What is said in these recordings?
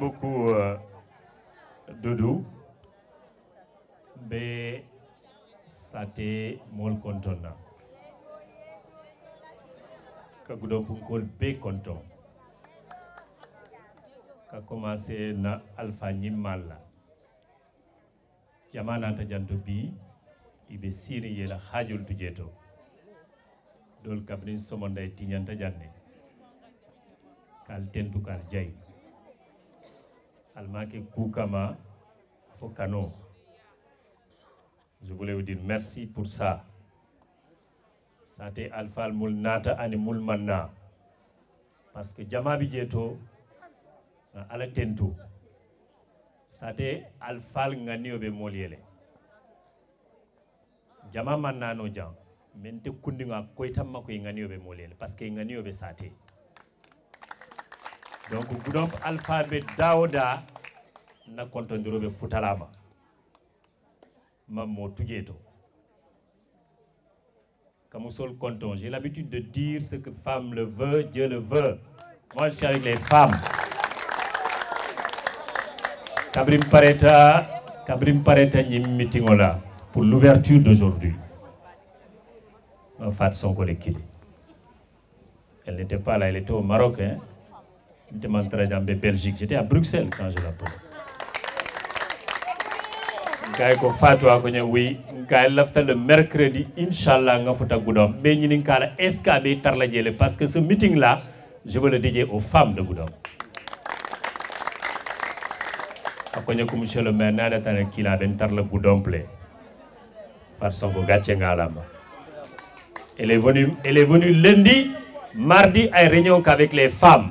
beaucoup, euh, Doudou. Be sate mol konton na. Kagudo pungkol be konton. Ka commencé na alpha nyimmal la. Jamana ta bi ibe siri yela hajul tu jeto. Dol kabrin somonday tinyanta janne. Kal tentu kar jai. Almanque Koukama kama Je voulais vous dire merci pour ça. Santé Alpha nata Ani Manna. Parce que Djama Bidjeto, ala tento. Santé Alpha Nganiobe Moliele. Djama Manna no Djan. Mente Kundinga Koita Makoy Nganiobe Moliele. Parce que Nganiobe Santé donc groupe alphabet dawoda nakkontodiroɓe futalama mammo Comme nous suis Conton, j'ai l'habitude de dire ce que femme le veut, Dieu le veut. Moi, je suis avec les femmes. Kabrim Pareta, Kabrim Pareta Nyimitingola, pour l'ouverture d'aujourd'hui. Fat son Elle n'était pas là, elle était au Maroc, hein demande par exemple Belgique j'étais à Bruxelles quand je l'appelais kay ko fatuwa ko ñe wi kay lafta le mercredi inshallah nga futa gudom be ñi ning kala SK be tarla jele parce que ce meeting là je veux le dédier aux femmes de gudom akoñe ko monsieur le maire nada tan kila ben tarla gudom ple par son ko gatché ngalama elle est venue elle est venu lundi mardi à réunion qu'avec les femmes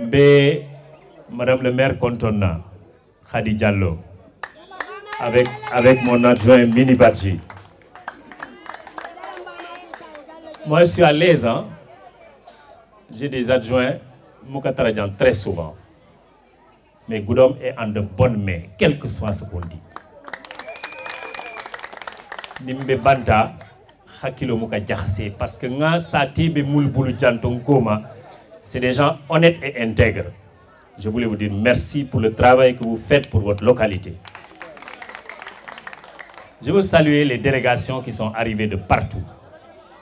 B Madame le maire Contonna, Khadi Diallo, avec, avec mon adjoint Mini Badji. Moi, je suis à l'aise. Hein? J'ai des adjoints, Moukataradian, très souvent. Mais Goudom est en de bonnes mains, quel que soit ce qu'on dit. Nimbe Banta, Hakilo Mouka parce que nga sati be moul boulou koma, c'est des gens honnêtes et intègres. Je voulais vous dire merci pour le travail que vous faites pour votre localité. Je veux saluer les délégations qui sont arrivées de partout.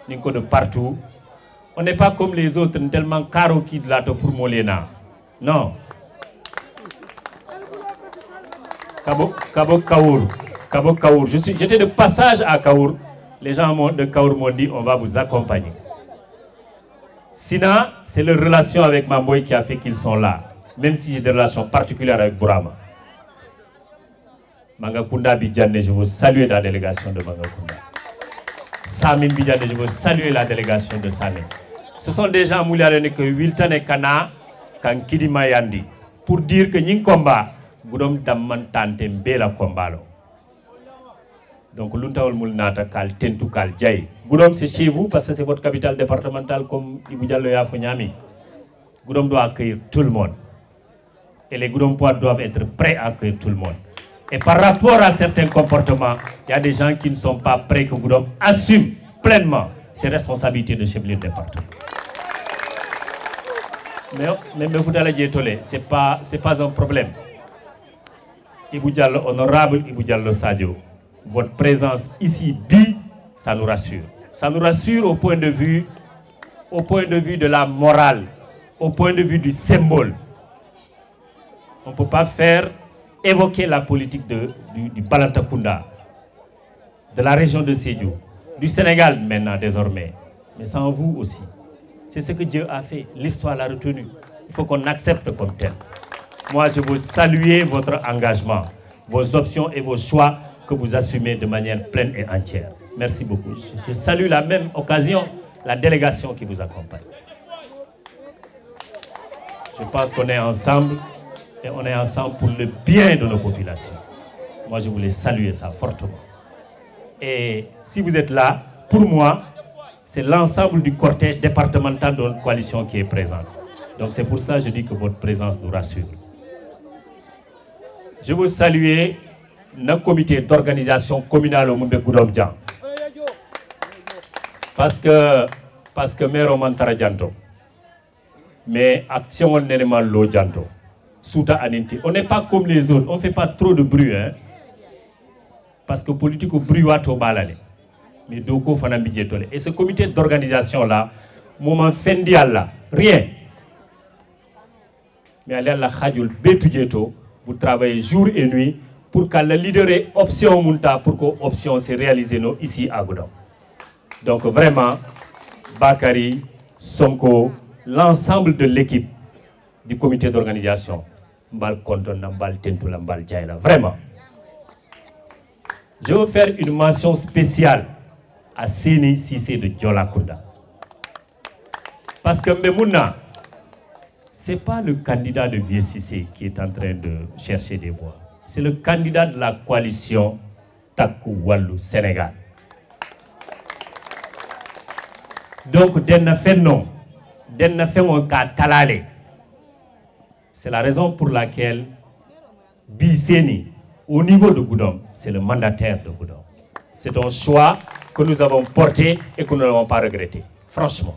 Ninko de partout. On n'est pas comme les autres, tellement caro de la pour Molena. Non. Kabo, Kabo Kaour. J'étais de passage à Kaour. Les gens de Kaour m'ont dit on va vous accompagner. Sinon, c'est leur relation avec Mamboy qui a fait qu'ils sont là, même si j'ai des relations particulières avec Burama. Mangakunda Bidjane, je vous salue la délégation de Mangakunda. Samin Bidjane, je vous salue la délégation de Samin. Ce sont des gens qui que Wilton et Kana, Kankidima Yandi, pour dire que Ninkomba, Gudom Damantan Tembela combat. Donc Luntawal Mulnata Kal Tentu Kal Jai. Gudom c'est chez vous parce que c'est votre capitale départementale comme Ibudjalo Fonyami. Gudom doit accueillir tout le monde. Et les Poids doivent être prêts à accueillir tout le monde. Et par rapport à certains comportements, il y a des gens qui ne sont pas prêts que Gudom assume pleinement ses responsabilités de chef de département. Mais, mais, vous allez ce n'est pas, pas un problème. Ibou Diallo, honorable Ibou Diallo Sadio, votre présence ici dit, ça nous rassure. Ça nous rassure au point de vue, au point de vue de la morale, au point de vue du symbole. On ne peut pas faire évoquer la politique de, du, du de la région de Sédio, du Sénégal maintenant désormais, mais sans vous aussi. C'est ce que Dieu a fait, l'histoire l'a retenu. Il faut qu'on accepte comme tel. Moi, je veux saluer votre engagement, vos options et vos choix que vous assumez de manière pleine et entière. Merci beaucoup. Je salue la même occasion la délégation qui vous accompagne. Je pense qu'on est ensemble et on est ensemble pour le bien de nos populations. Moi, je voulais saluer ça fortement. Et si vous êtes là, pour moi, c'est l'ensemble du cortège départemental de notre coalition qui est présent. Donc c'est pour ça que je dis que votre présence nous rassure. Je veux saluer le comité d'organisation communale au monde de dia Parce que parce que maire o man tara mais action ol nene sous aninti on n'est pas comme les autres on ne fait pas trop de bruit hein parce que politique au bruit wato balalé. mais donc, on fana en et ce comité d'organisation là moment fendi là rien mais à allah haajol la vous travaillez jour et nuit pour que le leader option Munta pour que option se réalise ici à Gouda. Donc vraiment, Bakari, Sonko, l'ensemble de l'équipe du comité d'organisation, Mbal Konton, Mbal Tentou, Mbal Djaïla, vraiment. Je veux faire une mention spéciale à Sini Sissé de Djolakunda. Parce que Memouna, ce n'est pas le candidat de Vieux Sissé qui est en train de chercher des voix c'est le candidat de la coalition Taku Wallou Sénégal. Donc, non, C'est la raison pour laquelle Bisseni, au niveau de Goudom, c'est le mandataire de Goudom. C'est un choix que nous avons porté et que nous n'avons pas regretté. Franchement.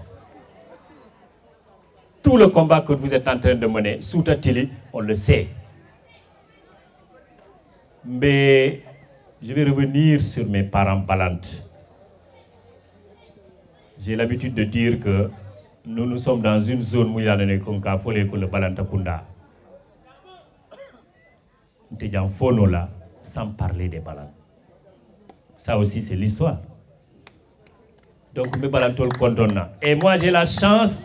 Tout le combat que vous êtes en train de mener sous Tatili, on le sait. Mais je vais revenir sur mes parents balantes. J'ai l'habitude de dire que nous, nous sommes dans une zone où il y a des conca, il faut balantakunda. Nous là, sans parler des balantes. Ça aussi, c'est l'histoire. Donc, mes balantol Et moi, j'ai la chance,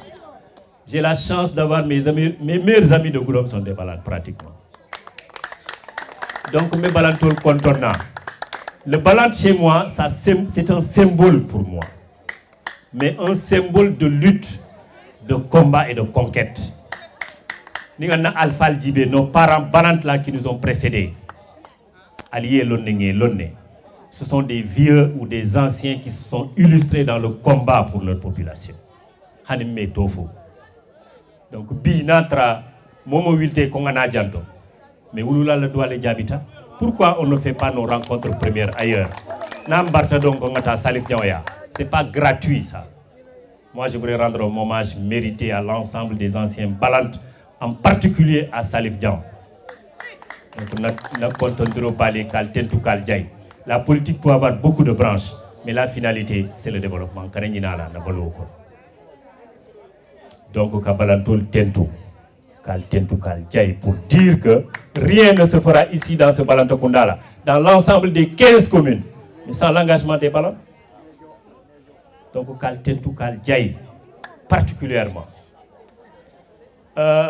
j'ai la chance d'avoir mes amis, mes meilleurs amis de Goulom sont des balantes, pratiquement. Donc, mes Le balant chez moi, c'est un symbole pour moi. Mais un symbole de lutte, de combat et de conquête. Nous avons Alpha Djibé, nos parents balantes qui nous ont précédés. Alliés l'onné, Ce sont des vieux ou des anciens qui se sont illustrés dans le combat pour leur population. Hanime Tofo. Donc, Binatra, Momo Wilte Konga mais le doit pourquoi on ne fait pas nos rencontres premières ailleurs Salif c'est pas gratuit ça. Moi, je voudrais rendre un hommage mérité à l'ensemble des anciens Balantes, en particulier à Salif Diaw. La politique peut avoir beaucoup de branches, mais la finalité, c'est le développement. Donc, tout pour dire que rien ne se fera ici dans ce Balantokunda dans l'ensemble des 15 communes, mais sans l'engagement des Balans. Donc Kalten Tentou, particulièrement. Euh,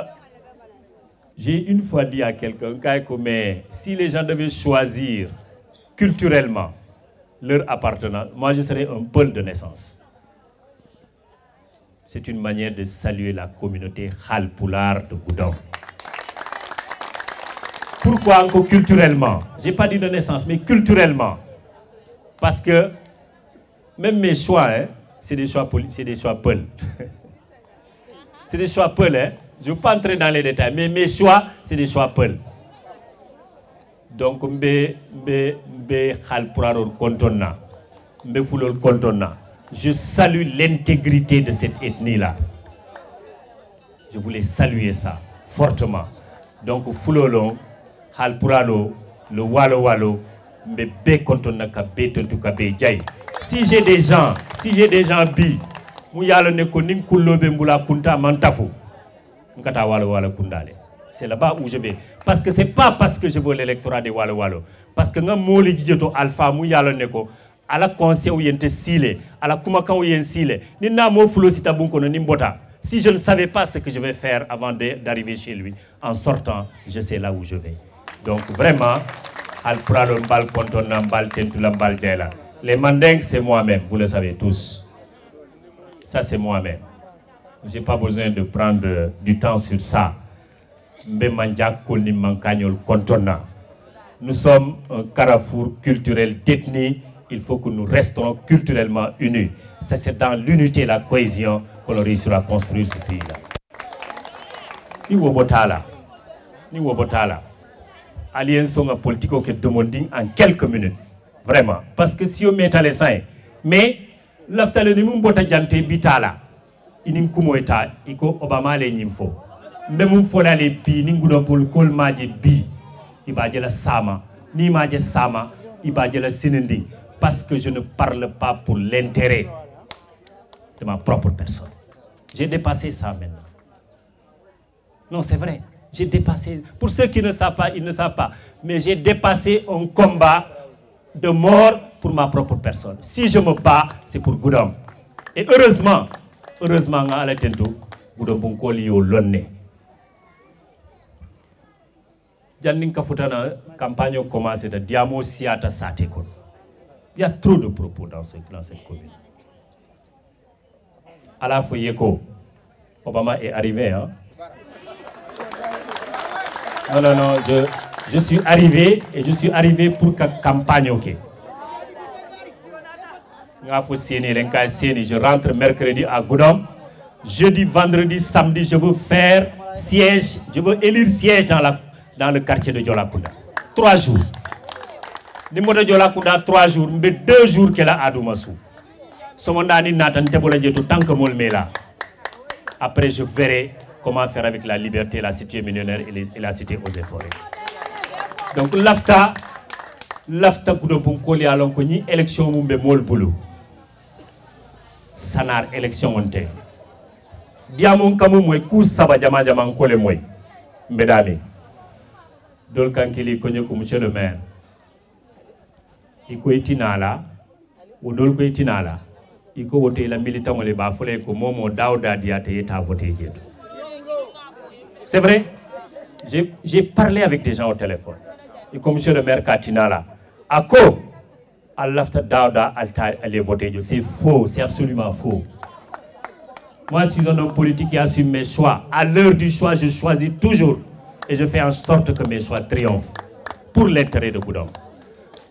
j'ai une fois dit à quelqu'un, mais si les gens devaient choisir culturellement leur appartenance, moi je serais un pôle de naissance c'est une manière de saluer la communauté Khalpoular de Goudor. Pourquoi encore culturellement Je n'ai pas dit de naissance, mais culturellement. Parce que même mes choix, hein, c'est des choix c'est des choix c'est des choix peuls. Hein. Je ne vais pas entrer dans les détails, mais mes choix, c'est des choix peul. Donc, je suis un de plus je salue l'intégrité de cette ethnie-là. Je voulais saluer ça fortement. Donc, Fulolo, Halpurano, le Walo Walo, tout Kontonaka, Betontuka, Bejaï. Si j'ai des gens, si j'ai des gens bi, Mouyalo Neko, Ninkulobe, Mbula Kunta, mantafou. Mkata Walo Walo Kundale. C'est là-bas où je vais. Parce que c'est pas parce que je veux l'électorat de Walo Walo. Parce que nous je suis que Alpha, Mouyalo Neko, ala conseil yen te sile ala kumakan yen sile ni na mo fulo bon kono ni mbota si je ne savais pas ce que je vais faire avant d'arriver chez lui en sortant je sais là où je vais donc vraiment al prado mbal konton mbal tentula bal jela les mandingues c'est moi-même vous le savez tous ça c'est moi-même j'ai pas besoin de prendre euh, du temps sur ça nous sommes un carrefour culturel technique il faut que nous restons culturellement unis. C'est dans l'unité et la cohésion que qu'on réussira à construire ce pays-là. Ni Wobotala, ni Wobotala, alliance politico que demanding en quelques minutes. Vraiment. Parce que si on met à les seins, mais l'aftale ni mbota jante bitala, inim kumo eta, iko Obama le n'imfo. Mbemu fola le bi, ningudo pol kol maje bi, ibaje la sama, ni maje sama, ibaje la sinindi parce que je ne parle pas pour l'intérêt de ma propre personne. J'ai dépassé ça maintenant. Non, c'est vrai. J'ai dépassé. Pour ceux qui ne savent pas, ils ne savent pas. Mais j'ai dépassé un combat de mort pour ma propre personne. Si je me bats, c'est pour Goudom. Et heureusement, heureusement, à la tente, campagne commence de Diamo Siata il y a trop de propos dans, ce, cette commune. Ala Fouyeko, Obama est arrivé. Hein? Non, non, non, je, suis arrivé et je suis arrivé pour la campagne, ok. Je rentre mercredi à Goudom. Jeudi, vendredi, samedi, je veux faire siège, je veux élire siège dans, la, dans le quartier de Yolapoula. Trois jours nimmoɗo da trois jours mais deux jours kela aduma sou somo nani natan teɓola jeetu tankemol mela après je verrai comment faire avec la liberté la cité millionnaire et, les, et la cité aux efforts. donc lafta lafta kuɗo pum koli alon ko ni élection mum mbé mol bulu sanar élection on te diyamum kamum moy ku saba jama jama kole moy mbeɗami dol kankili koñe ko monsieur le maire i ko i tina a la wo ko i tina wote la le ba a ko momo moo daawo daa diyaata vote c'est vrai j'ai parlé avec des gens au téléphone i ko monsieur le maire ka tina a la ko alta ale vote jo c'est faux c'est absolument faux Moi, je suis un homme politique qui assume mes choix. À l'heure du choix, je choisis toujours. Et je fais en sorte que mes choix triomphent pour l'intérêt de Goudon.